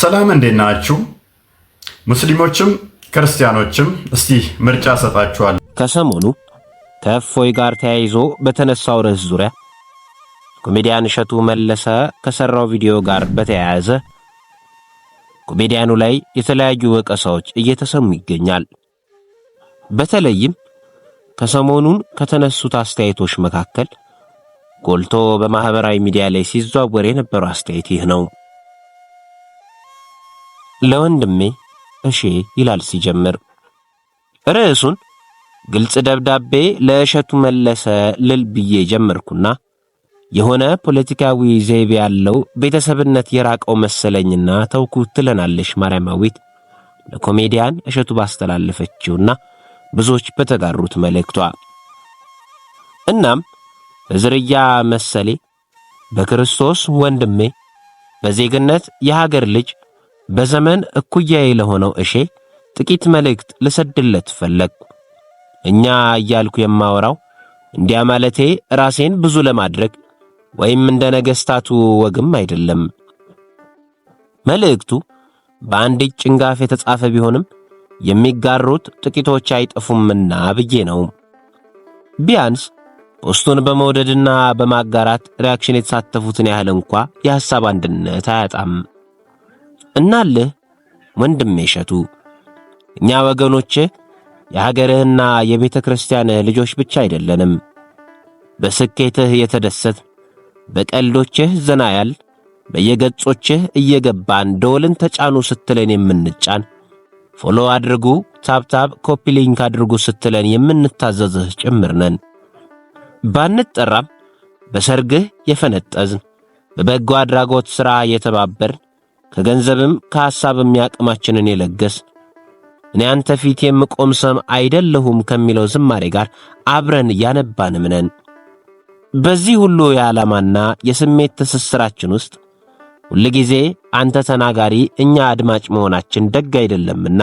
ሰላም እንዴት ናችሁ? ሙስሊሞችም ክርስቲያኖችም እስቲ ምርጫ ሰጣችኋል። ከሰሞኑ ከእፎይ ጋር ተያይዞ በተነሳው ርዕስ ዙሪያ ኮሜዲያን እሸቱ መለሰ ከሰራው ቪዲዮ ጋር በተያያዘ ኮሜዲያኑ ላይ የተለያዩ ወቀሳዎች እየተሰሙ ይገኛል። በተለይም ከሰሞኑን ከተነሱት አስተያየቶች መካከል ጎልቶ በማህበራዊ ሚዲያ ላይ ሲዘዋወር የነበረው አስተያየት ይህ ነው። ለወንድሜ እሺ ይላል ሲጀምር። ርዕሱን ግልጽ ደብዳቤ ለእሸቱ መለሰ ልል ብዬ ጀመርኩና የሆነ ፖለቲካዊ ዘይቤ ያለው ቤተሰብነት የራቀው መሰለኝና ተውኩ ትለናለሽ ማርያማዊት ለኮሜዲያን እሸቱ ባስተላለፈችውና ብዙዎች በተጋሩት መልእክቷ። እናም በዝርያ መሰሌ በክርስቶስ ወንድሜ በዜግነት የሀገር ልጅ በዘመን እኩያዬ ለሆነው እሼ ጥቂት መልእክት ልሰድለት ፈለግኩ። እኛ እያልኩ የማወራው እንዲያ ማለቴ ራሴን ብዙ ለማድረግ ወይም እንደ ነገሥታቱ ወግም አይደለም። መልእክቱ በአንድ ጭንጋፍ የተጻፈ ቢሆንም የሚጋሩት ጥቂቶች አይጠፉምና ብዬ ነው። ቢያንስ ፖስቱን በመውደድና በማጋራት ሪያክሽን የተሳተፉትን ያህል እንኳ የሐሳብ አንድነት አያጣም። እናልህ ወንድሜ እሸቱ፣ እኛ ወገኖችህ የሀገርህና የቤተ ክርስቲያንህ ልጆች ብቻ አይደለንም። በስኬትህ የተደሰት በቀልዶችህ ዘናያል በየገጾችህ እየገባን ደወልን ተጫኑ ስትለን የምንጫን ፎሎ አድርጉ፣ ታብታብ፣ ኮፒ ሊንክ አድርጉ ስትለን የምንታዘዝህ ጭምር ነን። ባንጠራም በሰርግህ የፈነጠዝን በበጎ አድራጎት ሥራ የተባበርን ከገንዘብም ከሐሳብም ያቅማችንን የለገስ እኔ አንተ ፊት የምቆም ሰም አይደለሁም ከሚለው ዝማሬ ጋር አብረን እያነባንም ነን። በዚህ ሁሉ የዓላማና የስሜት ትስስራችን ውስጥ ሁልጊዜ አንተ ተናጋሪ እኛ አድማጭ መሆናችን ደግ አይደለምና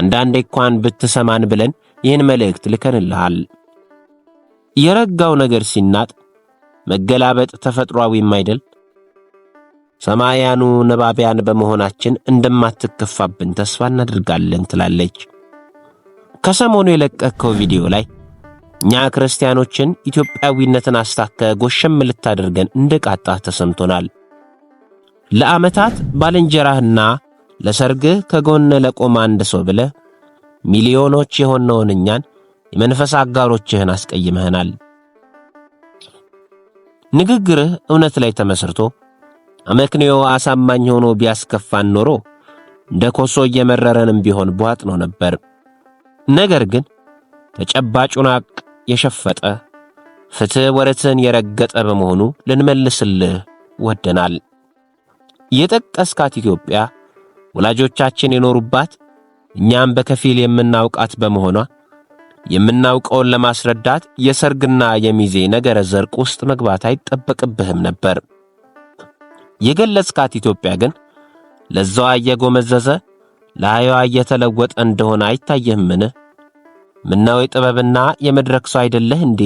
አንዳንዴ እንኳን ብትሰማን ብለን ይህን መልእክት ልከንልሃል። የረጋው ነገር ሲናጥ መገላበጥ ተፈጥሯዊም አይደል? ሰማያኑ ነባቢያን በመሆናችን እንደማትከፋብን ተስፋ እናደርጋለን ትላለች። ከሰሞኑ የለቀከው ቪዲዮ ላይ እኛ ክርስቲያኖችን ኢትዮጵያዊነትን አስታከ ጎሸም ልታደርገን እንደ ቃጣ ተሰምቶናል። ለዓመታት ባልንጀራህና ለሰርግህ ከጎነ ለቆመ አንድ ሰው ብለ ሚሊዮኖች የሆነውን እኛን የመንፈስ አጋሮችህን አስቀይመህናል። ንግግርህ እውነት ላይ ተመስርቶ አመክንዮ አሳማኝ ሆኖ ቢያስከፋን ኖሮ እንደ ኮሶ እየመረረንም ቢሆን ነው ነበር። ነገር ግን ተጨባጩን ሐቅ የሸፈጠ ፍትህ ወረትን የረገጠ በመሆኑ ልንመልስልህ ወደናል። የጠቀስካት ኢትዮጵያ ወላጆቻችን የኖሩባት እኛም በከፊል የምናውቃት በመሆኗ የምናውቀውን ለማስረዳት የሰርግና የሚዜ ነገረ ዘርቅ ውስጥ መግባት አይጠበቅብህም ነበር። የገለጽካት ኢትዮጵያ ግን ለዛዋ እየጎመዘዘ ለአየዋ እየተለወጠ እንደሆነ አይታየህምን? ምናው የጥበብና የመድረክ ሰው አይደለህ እንዴ?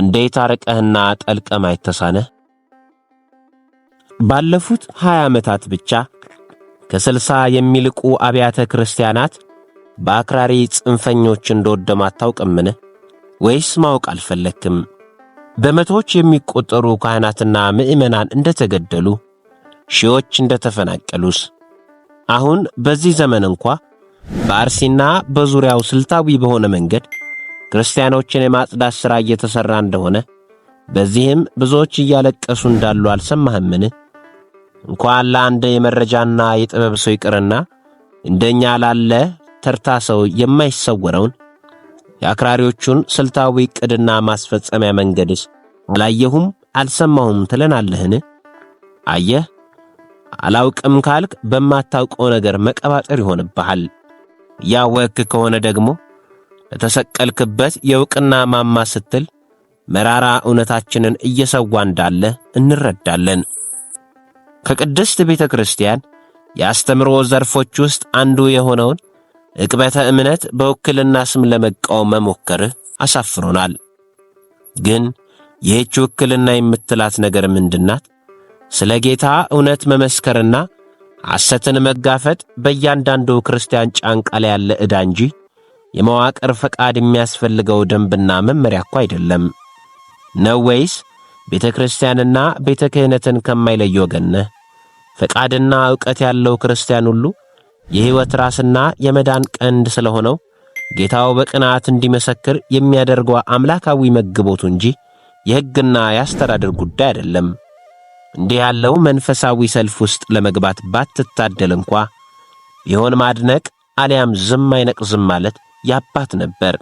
እንዴት አርቀህና ጠልቀ ማየት ተሳነህ? ባለፉት 20 ዓመታት ብቻ ከስልሳ የሚልቁ አብያተ ክርስቲያናት በአክራሪ ጽንፈኞች እንደወደማ አታውቅምን? ወይስ ማወቅ አልፈለክም? በመቶዎች የሚቆጠሩ ካህናትና ምእመናን እንደተገደሉ፣ ሺዎች እንደተፈናቀሉስ አሁን በዚህ ዘመን እንኳ በአርሲና በዙሪያው ስልታዊ በሆነ መንገድ ክርስቲያኖችን የማጽዳት ሥራ እየተሠራ እንደሆነ በዚህም ብዙዎች እያለቀሱ እንዳሉ አልሰማህምን? እንኳን ለአንድ የመረጃና የጥበብ ሰው ይቅርና እንደኛ ላለ ተርታ ሰው የማይሰወረውን የአክራሪዎቹን ስልታዊ ዕቅድና ማስፈጸሚያ መንገድስ አላየሁም አልሰማሁም ትለናለህን? አየህ፣ አላውቅም ካልክ በማታውቀው ነገር መቀባጠር ይሆንብሃል። ያወክ ከሆነ ደግሞ ለተሰቀልክበት የእውቅና ማማ ስትል መራራ እውነታችንን እየሰዋ እንዳለ እንረዳለን። ከቅድስት ቤተ ክርስቲያን የአስተምሮ ዘርፎች ውስጥ አንዱ የሆነውን እቅበተ እምነት በውክልና ስም ለመቃወም መሞከርህ አሳፍሮናል። ግን ይህች ውክልና የምትላት ነገር ምንድናት? ስለ ጌታ እውነት መመስከርና ሐሰትን መጋፈጥ በእያንዳንዱ ክርስቲያን ጫንቃ ላይ ያለ ዕዳ እንጂ የመዋቅር ፈቃድ የሚያስፈልገው ደንብና መመሪያ እኳ አይደለም ነው ወይስ ቤተ ክርስቲያንና ቤተ ክህነትን ከማይለይ ወገን ነህ? ፈቃድና ዕውቀት ያለው ክርስቲያን ሁሉ የሕይወት ራስና የመዳን ቀንድ ስለሆነው ጌታው በቅንዓት እንዲመሰክር የሚያደርገው አምላካዊ መግቦቱ እንጂ የሕግና የአስተዳደር ጉዳይ አይደለም። እንዲህ ያለው መንፈሳዊ ሰልፍ ውስጥ ለመግባት ባትታደል እንኳ ቢሆን ማድነቅ አሊያም ዝም አይነቅ ዝም ማለት ያባት ነበር።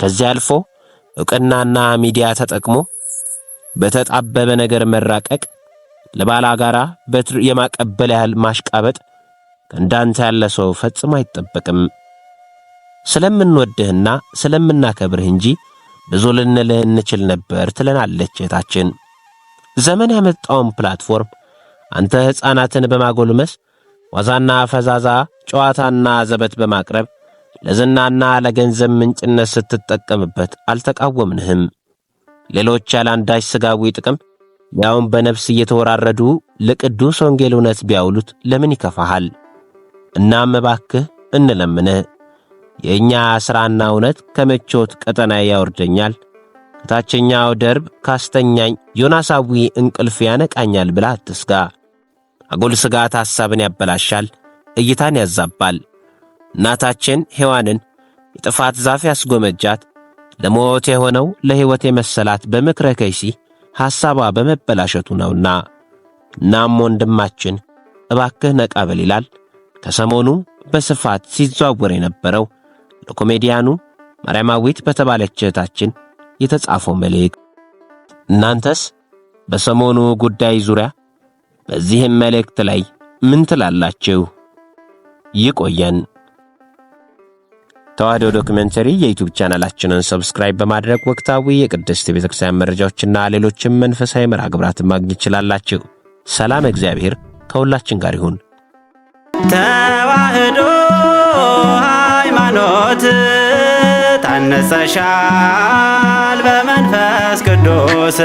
ከዚህ አልፎ ዕውቅናና ሚዲያ ተጠቅሞ በተጣበበ ነገር መራቀቅ፣ ለባላጋራ በትር የማቀበል ያህል ማሽቃበጥ እንዳንተ ያለ ሰው ፈጽሞ አይጠበቅም። ስለምንወድህና ስለምናከብርህ እንጂ ብዙ ልንልህ እንችል ነበር ትለናለች እህታችን። ዘመን ያመጣውን ፕላትፎርም አንተ ሕፃናትን በማጎልመስ ዋዛና ፈዛዛ ጨዋታና ዘበት በማቅረብ ለዝናና ለገንዘብ ምንጭነት ስትጠቀምበት አልተቃወምንህም። ሌሎች አንዳች ሥጋዊ ጥቅም ያውን በነፍስ እየተወራረዱ ለቅዱስ ወንጌል እውነት ቢያውሉት ለምን ይከፋሃል? እናም እባክህ እንለምንህ የእኛ ሥራና እውነት ከምቾት ቀጠና ያወርደኛል፣ ከታችኛው ደርብ ካስተኛኝ ዮናሳዊ እንቅልፍ ያነቃኛል ብላ አትስጋ። አጉል ሥጋት ሐሳብን ያበላሻል፣ እይታን ያዛባል። እናታችን ሔዋንን የጥፋት ዛፍ ያስጎመጃት ለሞት የሆነው ለሕይወት የመሰላት በምክረ ከይሲ ሐሳቧ በመበላሸቱ ነውና። እናም ወንድማችን እባክህ ነቃ በል ይላል። ከሰሞኑ በስፋት ሲዘዋወር የነበረው ለኮሜዲያኑ ማርያማዊት በተባለች እህታችን የተጻፈው መልእክት። እናንተስ በሰሞኑ ጉዳይ ዙሪያ በዚህም መልእክት ላይ ምን ትላላችሁ? ይቆየን። ተዋህዶ ዶክመንተሪ የዩቱብ ቻናላችንን ሰብስክራይብ በማድረግ ወቅታዊ የቅድስት ቤተ ክርስቲያን መረጃዎችና ሌሎችም መንፈሳዊ መርሃ ግብራትን ማግኘት ይችላላችሁ። ሰላም፣ እግዚአብሔር ከሁላችን ጋር ይሁን። ተዋህዶ ሃይማኖት ታነጸሻል በመንፈስ ቅዱስ